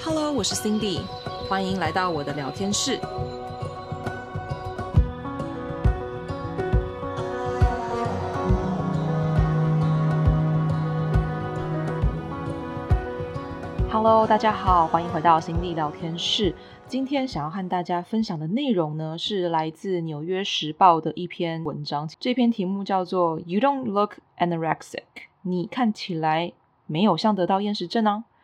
Hello，我是 Cindy，歡迎來到我的聊天室。Hello，大家好，歡迎回到 Cindy 聊天室。今天想要和大家分享的內容呢，是來自《紐約時報》的一篇文章。這篇題目叫做 “You don't look anorexic”，你看起來沒有像得到厭食症呢、啊。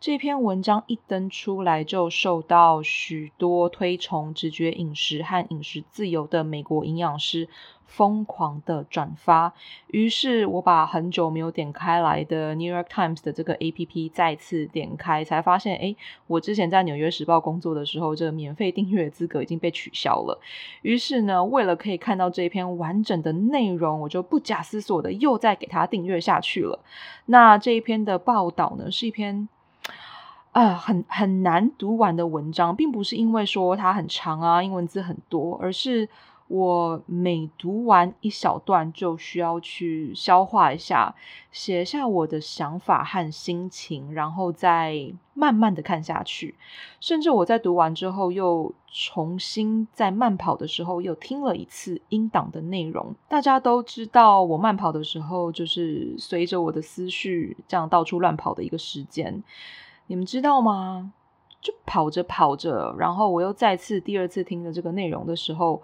這篇文章一登出來，就受到許多推崇直覺飲食和飲食自由的美國營養師瘋狂的轉發。於是我把很久沒有點開來的《New York Times》的這個 APP 再次點開，才發現，哎，我之前在《紐約時報》工作的時候，這免費訂閱資格已經被取消了。於是呢，為了可以看到這篇完整的內容，我就不假思索的又再給他訂閱下去了。那這一篇的報道呢，是一篇。啊、呃，很很難讀完的文章，並不是因為說它很長啊，英文字很多，而是我每讀完一小段就需要去消化一下，寫下我的想法和心情，然後再慢慢的看下去。甚至我在讀完之後，又重新在慢跑的時候又聽了一次音檔的內容。大家都知道，我慢跑的時候就是隨着我的思緒這樣到處亂跑的一個時間。你們知道嗎？就跑着跑着，然後我又再次、第二次聽了這個內容的時候，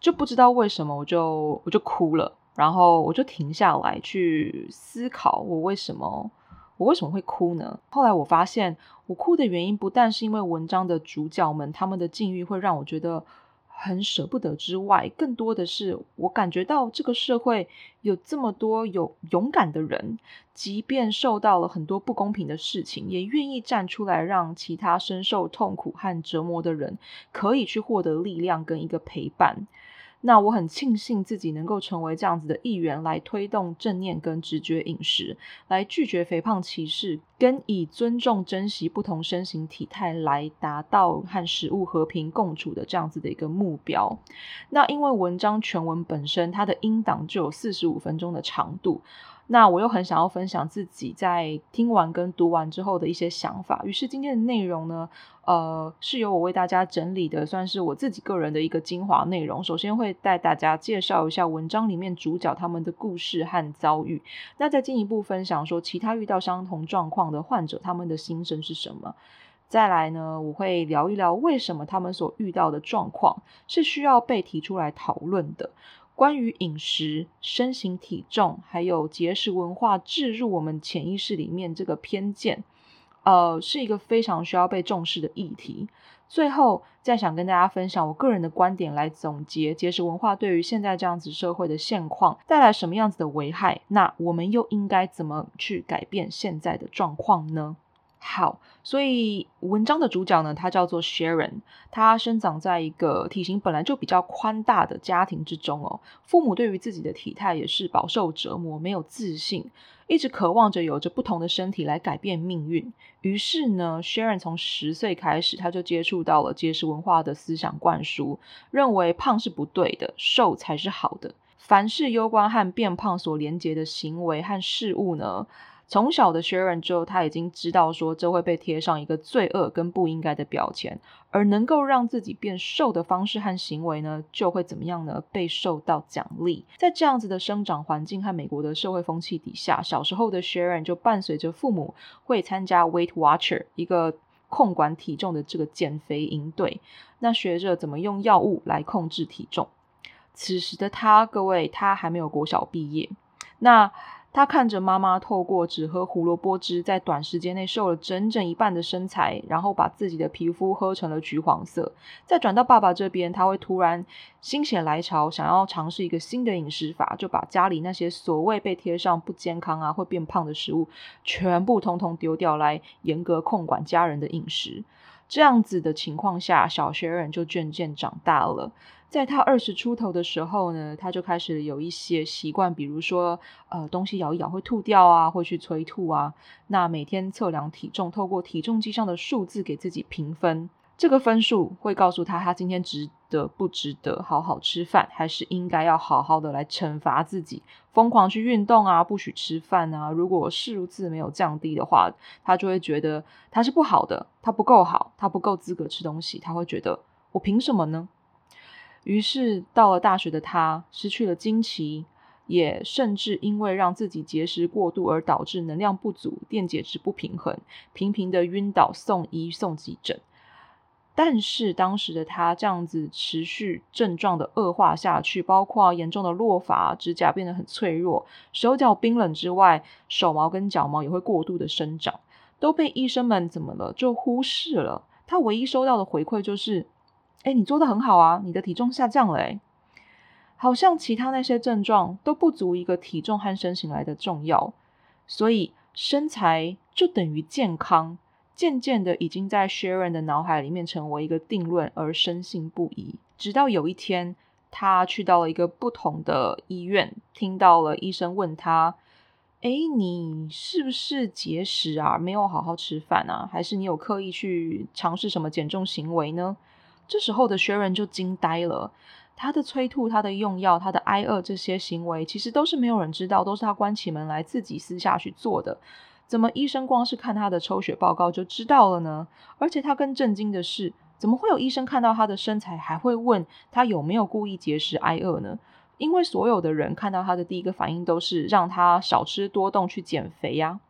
就不知道為什麼我就我就哭了，然後我就停下來去思考，我為什麼我為什麼會哭呢？後來我發現，我哭的原因不但是因為文章的主角們他們的境遇會讓我覺得。很捨不得之外，更多的是我感覺到這個社會有這麼多有勇敢的人，即便受到了很多不公平的事情，也願意站出來，讓其他深受痛苦和折磨的人可以去獲得力量跟一個陪伴。那我很慶幸自己能夠成為這樣子的一員，來推動正念跟直覺飲食，來拒絕肥胖歧視，跟以尊重、珍惜不同身形體態來達到和食物和平共處的這樣子的一個目標。那因為文章全文本身，它的音檔就有四十五分鐘的長度。那我又很想要分享自己在聽完跟讀完之後的一些想法，於是今天的內容呢，呃，是由我為大家整理的，算是我自己個人的一個精華內容。首先會帶大家介紹一下文章裡面主角他們的故事和遭遇，那再進一步分享說其他遇到相同狀況的患者他們的心聲是什麼。再來呢，我會聊一聊為什麼他們所遇到的狀況是需要被提出來討論的。關於飲食、身形、體重，還有節食文化置入我們潛意識裡面這個偏見，呃，是一個非常需要被重視的議題。最後，再想跟大家分享我個人的觀點，來總結節食文化對於現在這樣子社會的現況帶來什麼樣子的危害，那我們又應該怎麼去改變現在的狀況呢？好，所以文章的主角呢，他叫做 Sharon，他生長在一個體型本來就比較寬大的家庭之中哦。父母對於自己的體態也是飽受折磨，沒有自信，一直渴望着有着不同的身體來改變命運。於是呢，Sharon 從十歲開始，他就接觸到了節食文化的思想灌輸，認為胖是不對的，瘦才是好的。凡是攸關和變胖所連結的行為和事物呢？從小的 Sharon 之後，他已經知道說這會被貼上一個罪惡跟不應該的標籤，而能夠讓自己變瘦的方式和行為呢，就會怎麼樣呢？被受到獎勵。在這樣子的生長環境和美國的社會風氣底下，小時候的 Sharon 就伴隨着父母會參加 Weight Watcher，一個控管體重的這個減肥營隊，那學着怎麼用藥物來控制體重。此時的他，各位，他還沒有國小畢業，那。他看着媽媽透過只喝胡蘿蔔汁，在短時間內瘦了整整一半的身材，然後把自己的皮膚喝成了橘黃色。再轉到爸爸這邊，他會突然心血來潮，想要嘗試一個新的飲食法，就把家裡那些所謂被貼上不健康啊、會變胖的食物，全部通通丟掉，來嚴格控管家人的飲食。這樣子的情況下，小學人就漸漸長大了。在他二十出頭的時候呢，他就開始有一些習慣，比如說，呃，東西咬一咬會吐掉啊，會去催吐啊。那每天測量體重，透過體重計上的數字給自己評分，這個分數會告訴他，他今天值得不值得好好吃飯，還是應該要好好的來懲罰自己，瘋狂去運動啊，不許吃飯啊。如果是數字沒有降低的話，他就會覺得他是不好的，他不夠好，他不夠資格吃東西，他會覺得我憑什麼呢？於是到了大學的他失去了經期，也甚至因為讓自己節食過度而導致能量不足、電解質不平衡，頻頻的暈倒送醫送急診。但是當時的他這樣子持續症狀的惡化下去，包括嚴重的落髮、指甲變得很脆弱、手腳冰冷之外，手毛跟腳毛也會過度的生長，都被醫生們怎麼了就忽視了。他唯一收到的回饋就是。哎，你做的很好啊！你的體重下降了，哎，好像其他那些症狀都不足一個體重和身形來的重要，所以身材就等於健康。漸漸的，已經在 Sharon 的腦海裡面成為一個定論，而深信不疑。直到有一天，他去到了一個不同的醫院，聽到了醫生問他：“哎，你是不是節食啊？沒有好好吃飯啊？還是你有刻意去嘗試什麼減重行為呢？”這時候的薛仁就驚呆了，他的催吐、他的用藥、他的挨餓這些行為，其實都是沒有人知道，都是他關起門來自己私下去做的。怎麼醫生光是看他的抽血報告就知道了呢？而且他更震驚的是，怎麼會有醫生看到他的身材還會問他有沒有故意節食挨餓呢？因為所有的人看到他的第一個反應都是讓他少吃多動去減肥呀、啊。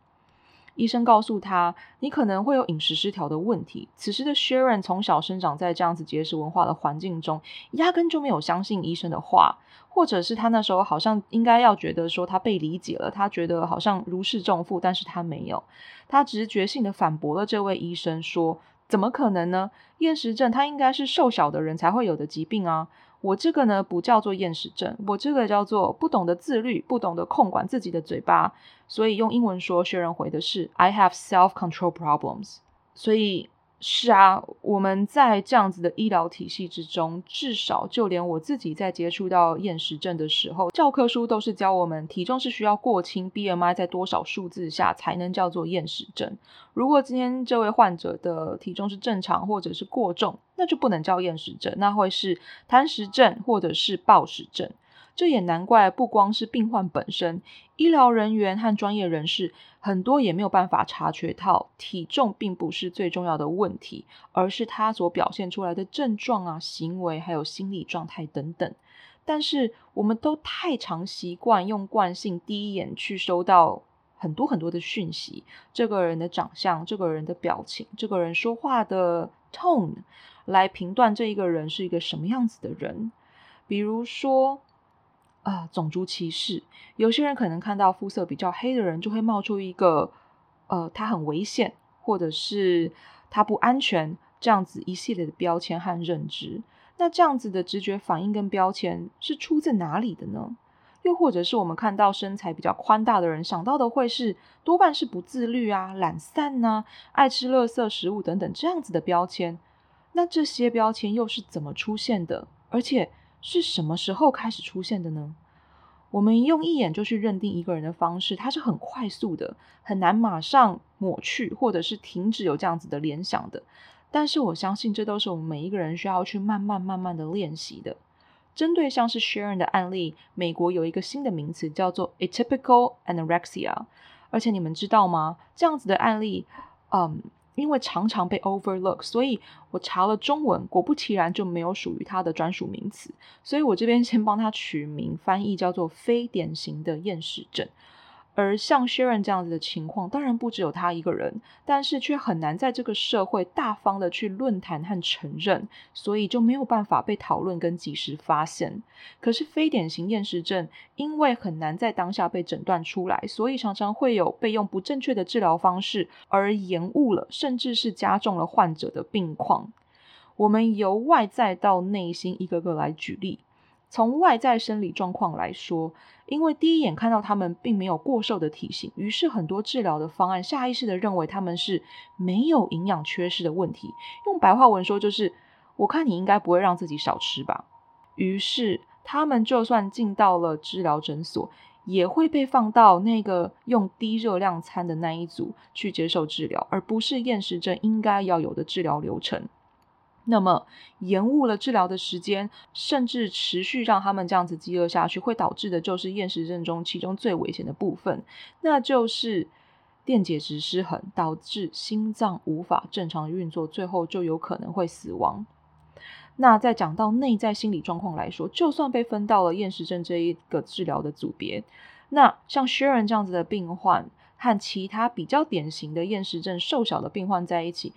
醫生告訴他，你可能會有飲食失調的問題。此時的 Sharon 從小生長在這樣子節食文化的環境中，壓根就沒有相信醫生的話，或者是他那時候好像應該要覺得說他被理解了，他覺得好像如釋重負，但是他沒有，他直覺性的反駁了這位醫生說：“怎麼可能呢？厭食症他應該是瘦小的人才會有的疾病啊。”我這個呢，不叫做厭食症，我這個叫做不懂得自律，不懂得控管自己的嘴巴，所以用英文說，學人回的是 "I have self-control problems"，所以。是啊，我們在這樣子的醫療體系之中，至少就連我自己在接觸到厭食症的時候，教科書都是教我們體重是需要過輕，BMI 在多少數字下才能叫做厭食症。如果今天這位患者的體重是正常或者是過重，那就不能叫厭食症，那會是貪食症或者是暴食症。這也難怪，不光是病患本身，醫療人員和專業人士。很多也沒有辦法察覺到，體重並不是最重要的問題，而是他所表現出來的症狀啊、行為，還有心理狀態等等。但是，我們都太常習慣用慣性第一眼去收到很多很多的訊息：這個人的長相，這個人的表情，這個人說話的 tone，來評斷這一個人是一個什麼樣子的人。比如說。呃，種族歧視，有些人可能看到膚色比較黑的人，就會冒出一個，呃，他很危險，或者是他不安全這樣子一系列的標籤和認知。那這樣子的直覺反應跟標籤是出自哪裡的呢？又或者是我們看到身材比較寬大的人，想到的會是多半是不自律啊、懶散啊、愛吃垃圾食物等等這樣子的標籤。那這些標籤又是怎麼出現的？而且。是什麼時候開始出現的呢？我們用一眼就去認定一個人的方式，它是很快速的，很難馬上抹去或者是停止有這樣子的聯想的。但是我相信，這都是我們每一個人需要去慢慢、慢慢的練習的。針對像是 Sharon 的案例，美國有一個新的名詞叫做 Atypical Anorexia，而且你們知道嗎？這樣子的案例，嗯。因為常常被 overlook，所以我查了中文，果不其然就沒有屬於它的專屬名詞，所以我這邊先幫它取名，翻譯叫做非典型的厭食症。而像 Sharon 這樣子的情況，當然不只有她一個人，但是卻很難在這個社會大方的去論壇和承認，所以就沒有辦法被討論跟及時發現。可是非典型厭食症，因為很難在當下被診斷出來，所以常常會有被用不正確的治療方式而延誤了，甚至是加重了患者的病況。我們由外在到內心一個個來舉例。從外在生理狀況來說，因為第一眼看到他們並沒有過瘦的體型，於是很多治療的方案下意識地認為他們是沒有營養缺失的問題。用白話文說就是，我看你應該不會讓自己少吃吧。於是他們就算進到了治療診所，也會被放到那個用低熱量餐的那一組去接受治療，而不是厭食症應該要有的治療流程。那麼延誤了治療的時間，甚至持續讓他們這樣子飢餓下去，會導致的就是厭食症中其中最危險的部分，那就是電解質失衡，導致心臟無法正常運作，最後就有可能會死亡。那再講到內在心理狀況來說，就算被分到了厭食症這一個治療的組別，那像 Sharon 這樣子的病患和其他比較典型的厭食症瘦小的病患在一起，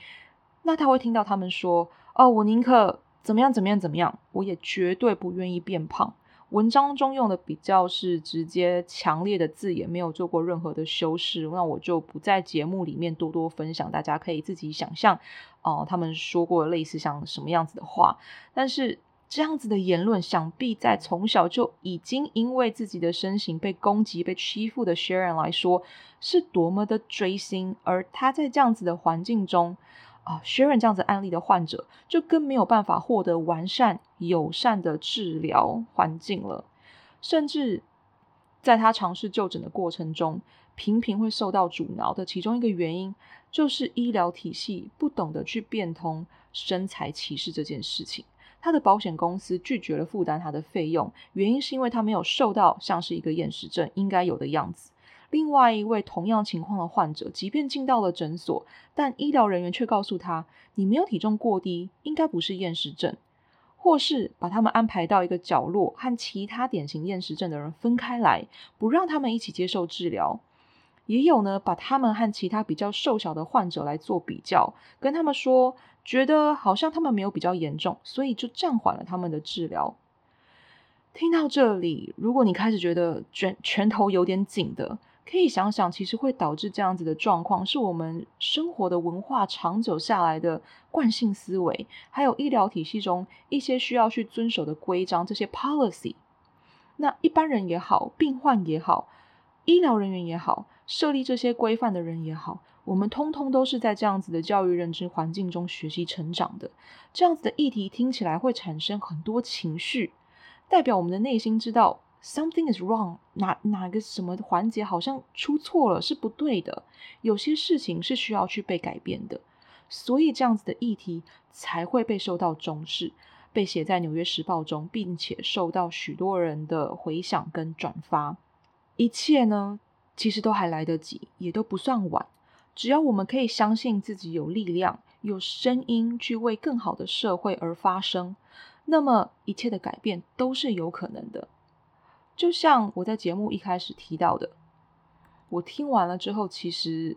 那他會聽到他們說。哦，我寧可怎麼樣怎麼樣怎麼樣，我也絕對不願意變胖。文章中用的比較是直接強烈的字眼，也沒有做過任何的修飾。那我就不在節目裡面多多分享，大家可以自己想象。哦、呃，他們說過類似像什麼樣子的話，但是這樣子的言論，想必在從小就已經因為自己的身形被攻擊、被欺負的 Sharon 來說，是多麼的錐心。而他在這樣子的環境中。啊，Sharon 這樣子案例的患者就更沒有辦法獲得完善友善的治療環境了。甚至在他嘗試就診的過程中，頻頻會受到阻撓的其中一個原因，就是醫療體系不懂得去變通身材歧視這件事情。他的保險公司拒絕了負擔他的費用，原因是因為他沒有瘦到像是一個厭食症應該有的樣子。另外一位同樣情況，的患者，即便進到了診所，但醫療人員卻告訴他：“你沒有體重過低，應該不是厭食症。”或是把他們安排到一個角落，和其他典型厭食症的人分開來，不讓他們一起接受治療。也有呢，把他們和其他比較瘦小的患者來做比較，跟他們說，覺得好像他們沒有比較嚴重，所以就暫緩了他們的治療。聽到這裡，如果你開始覺得拳拳頭有點緊的。可以想想，其實會導致這樣子的狀況，是我們生活的文化長久下來的慣性思維，還有醫療體系中一些需要去遵守的規章，這些 policy。那一般人也好，病患也好，醫療人員也好，設立這些規範的人也好，我們通通都是在這樣子的教育認知環境中學習成長的。這樣子的議題聽起來會產生很多情緒，代表我們的內心知道。Something is wrong，哪哪個什麼環節好像出錯了，是不對的。有些事情是需要去被改變的，所以這樣子的議題才會被受到重視，被寫在《紐約時報》中，並且受到許多人的回響跟轉發。一切呢，其實都還來得及，也都不算晚。只要我們可以相信自己有力量、有聲音去為更好的社會而發聲，那麼一切的改變都是有可能的。就像我在節目一開始提到的，我聽完了之後，其實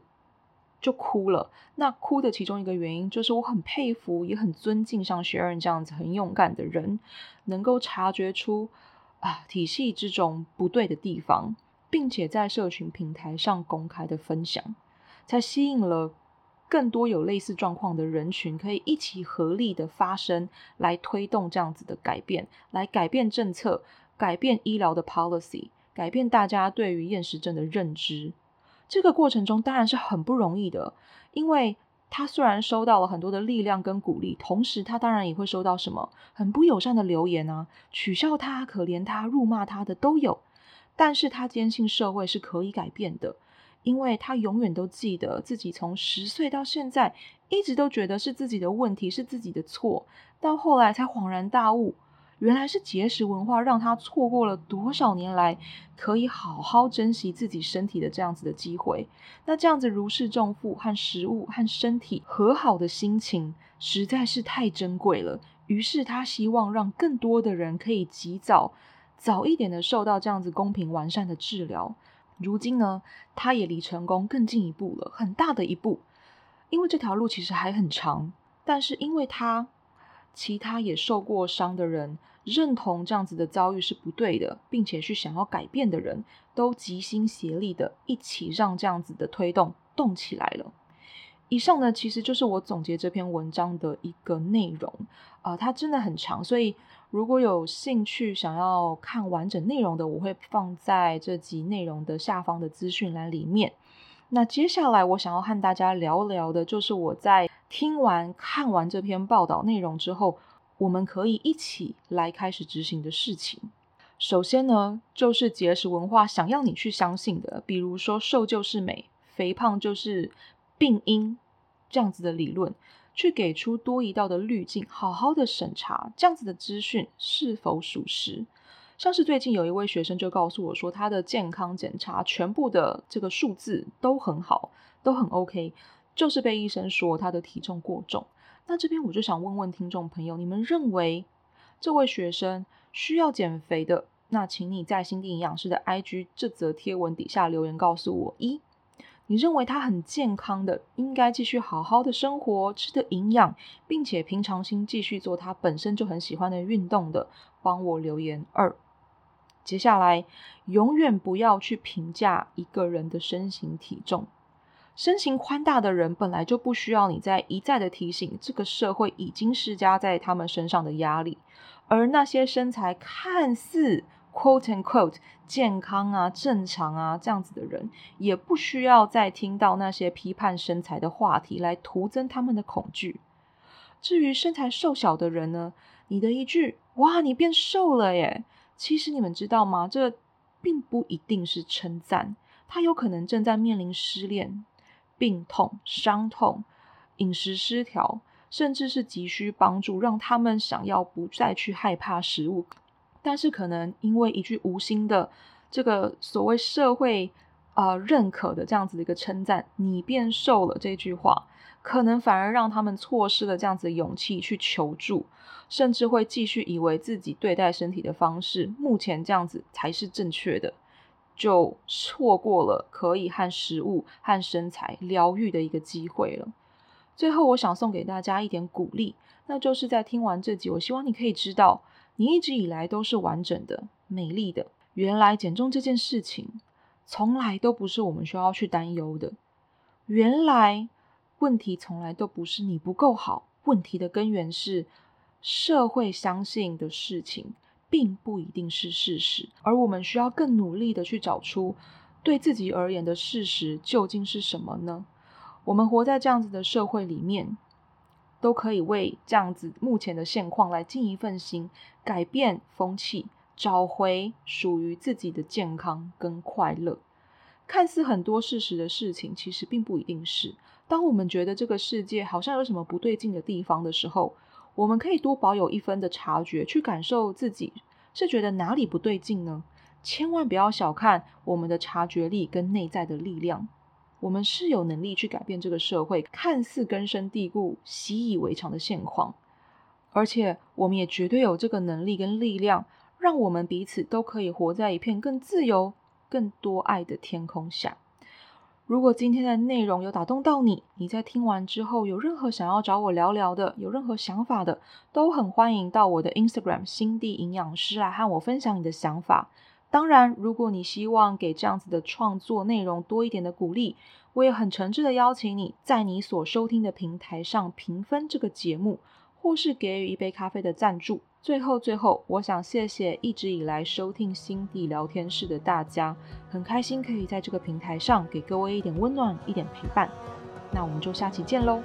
就哭了。那哭的其中一個原因，就是我很佩服，也很尊敬像 Sharon 這樣子很勇敢的人，能夠察覺出啊體系之中不對的地方，並且在社群平台上公開的分享，才吸引了更多有類似狀況的人群，可以一起合力的發聲，來推動這樣子的改變，來改變政策。改變醫療的 policy，改變大家對於厭食症的認知，這個過程中當然是很不容易的。因為他雖然收到了很多的力量跟鼓勵，同時他當然也會收到什麼很不友善的留言啊，取笑他、可憐他、辱罵他的都有。但是他堅信社會是可以改變的，因為他永遠都記得自己從十歲到現在一直都覺得是自己的問題，是自己的錯，到後來才恍然大悟。原來是節食文化讓他錯過了多少年來可以好好珍惜自己身體的這樣子的機會。那這樣子如釋重負，和食物、和身體和好的心情實在是太珍貴了。於是他希望讓更多的人可以及早、早一點的受到這樣子公平完善的治療。如今呢，他也離成功更進一步了，很大的一步。因為這條路其實還很長，但是因為他。其他也受過傷的人認同這樣子的遭遇是不對的，並且去想要改變的人，都齊心協力的一起讓這樣子的推動動起來了。以上呢，其實就是我總結這篇文章的一個內容啊、呃，它真的很長，所以如果有興趣想要看完整內容的，我會放在這集內容的下方的資訊欄裡面。那接下來我想要和大家聊聊的，就是我在。聽完看完這篇報道內容之後，我們可以一起來開始執行的事情。首先呢，就是節食文化想要你去相信的，比如說瘦就是美，肥胖就是病因這樣子的理論，去給出多一道的濾鏡，好好的審查這樣子的資訊是否屬實。像是最近有一位學生就告訴我說，他的健康檢查全部的這個數字都很好，都很 OK。就是被醫生說他的體重過重。那這邊我就想問問聽眾朋友，你們認為這位學生需要減肥的？那請你在心地營養師的 IG 這則貼文底下留言告訴我一，你認為他很健康的，應該繼續好好的生活，吃的營養，並且平常心繼續做他本身就很喜歡的運動的，幫我留言二。接下來永遠不要去評價一個人的身形體重。身形寬大的人本來就不需要你再一再的提醒，這個社會已經施加在他們身上的壓力；而那些身材看似 “quote and quote” 健康啊、正常啊這樣子的人，也不需要再聽到那些批判身材的話題來徒增他們的恐懼。至於身材瘦小的人呢，你的一句“哇，你變瘦了耶”，其實你們知道嗎？這並不一定是稱讚，他有可能正在面臨失戀。病痛、傷痛、飲食失調，甚至是急需幫助，讓他們想要不再去害怕食物。但是，可能因為一句無心的這個所謂社會啊、呃、認可的這樣子的一個稱讚“你變瘦了”這句話，可能反而讓他們錯失了這樣子的勇氣去求助，甚至會繼續以為自己對待身體的方式目前這樣子才是正確的。就錯過了可以和食物和身材療癒的一個機會了。最後，我想送給大家一點鼓勵，那就是在聽完這集，我希望你可以知道，你一直以來都是完整的、美麗的。原來減重這件事情，從來都不是我們需要去擔憂的。原來問題從來都不是你不夠好，問題的根源是社會相信的事情。並不一定是事實，而我們需要更努力的去找出對自己而言的事實究竟是什麼呢？我們活在這樣子的社會裡面，都可以為這樣子目前的現況來盡一份心，改變風氣，找回屬於自己的健康跟快樂。看似很多事實的事情，其實並不一定是。當我們覺得這個世界好像有什麼不對勁的地方的時候。我們可以多保有一分的察覺，去感受自己是覺得哪裡不對勁呢？千萬不要小看我們的察覺力跟內在的力量，我們是有能力去改變這個社會看似根深蒂固、習以為常的現況，而且我們也絕對有這個能力跟力量，讓我們彼此都可以活在一片更自由、更多愛的天空下。如果今天的內容有打動到你，你在聽完之後有任何想要找我聊聊的，有任何想法的，都很歡迎到我的 Instagram“ 心地營養師啊”來和我分享你的想法。當然，如果你希望給這樣子的創作內容多一點的鼓勵，我也很誠摯的邀請你在你所收聽的平台上評分這個節目，或是給予一杯咖啡的贊助。最後，最後，我想謝謝一直以來收聽新地聊天室的大家，很開心可以在這個平台上給各位一點溫暖，一點陪伴。那我們就下期見嘍。